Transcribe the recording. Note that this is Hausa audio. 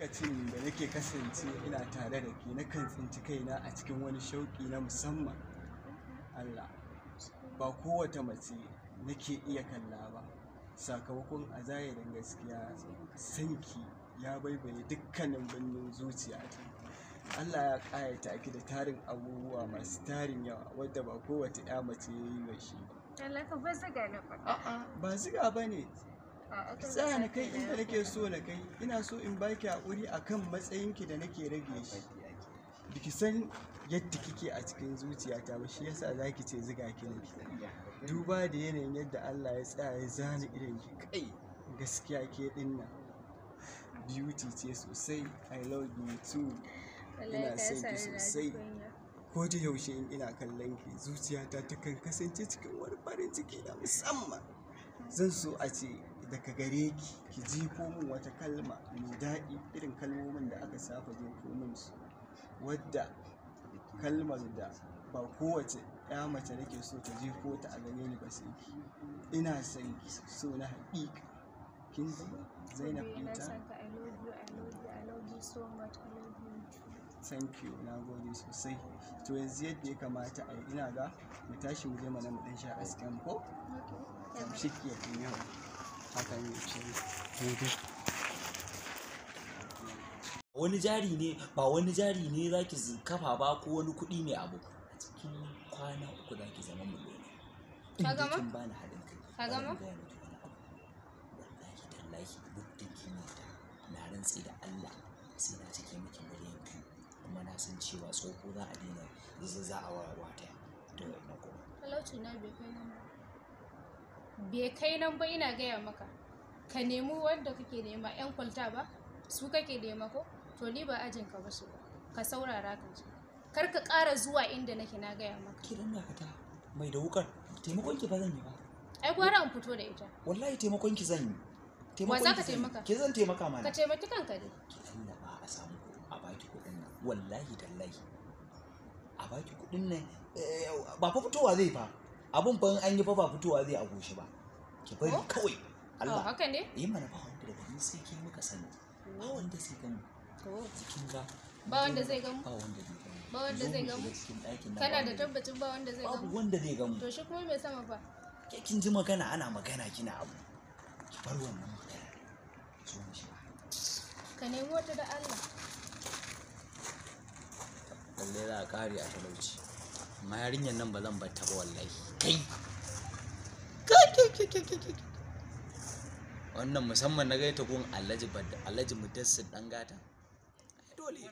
Lokacin da nake kasance ina tare da ke, na kan tsinci kaina a cikin wani shauƙi na musamman. Allah, ba kowace mace nake iya kalla ba. Sakamakon a zahirin gaskiya, sanki ya baibaye dukkanin birnin zuciyata. Allah ya ƙayata ki da tarin abubuwa masu tarin yawa wadda ba kowace ya mace ya yi shi ba. ba A'a, ba ziga ba ne. sa na kai inda nake so na kai ina so in baki haƙuri akan matsayinki da nake rage shi biki san yadda kike a cikin zuciyata ba shi yasa zaki ce ziga ki ne duba da yanayin yadda Allah ya tsaya ya zana irin ki kai gaskiya ke nan. beauty ce sosai i love you too ina son ki sosai ko da yaushe in ina kallon ki zuciyata takan kasance cikin wani farin ciki na musamman zan so a ce daga gare ki ki ko min wata kalma mai daɗi irin kalmomin da aka saba ko mun su wadda kalmar da ba kowace ya mace nake so ta ko ta a gare ni ba sai ki ina son so na haƙiƙa kin ji Zainab Ita thank you na gode sosai to yanzu yadda ya kamata a yi ina ga mu tashi mu je mana mu dan sha asken ko shi ke yau wani jari ne ba wani jari ne za ki kafa ba ko wani kuɗi ne abu a cikin kwana uku za ki zama miliyon ka gama ba na haɗin kai ka gama wallahi tallahi muddin ki ne ta na rantsi da Allah sai na cike miki miliyan biyu kuma na san cewa tsoho za a daina za a wata ta wannan kuma talauci na bai kai nan ba bai kai nan ba ina gaya maka ka nemi wanda kake nema yan kwalta ba su kake nema ko to ni ba ajin ka ba su ba ka saurara ka ji kar ka ƙara zuwa inda nake na gaya maka ki dan dakata mai da wukar taimakon ki ba zan yi ba ai gwara an fito da ita wallahi taimakon ki zan yi taimakon ki taimaka ki zan taimaka mana ka taimaki kanka dai ki Allah ba a samu a baki kuɗin nan wallahi tallahi a baki kuɗin nan eh, ba fa fitowa zai fa abun fa in an yi fa ba fitowa zai a goshi ba ki bari oh. kawai oh, Allah haka ne eh mana ba wanda da ni sai ke muka sani ba oh. wanda sai ga mu cikin ga ba wanda zai ga mu ba wanda zai ga mu ba wanda zai ga mu kana da tabbacin ba wanda zai ga mu ba wanda zai ga mu to shi kuma me sama fa ke kin ji magana ana magana kina abu ki bar wannan magana zo mu shi ka nemi wata da Allah Allah ya kare a talauci amma yarinyar nan ba zan batta ba wallahi kai wannan musamman na gaita gun alhaji mudassir dan gata dole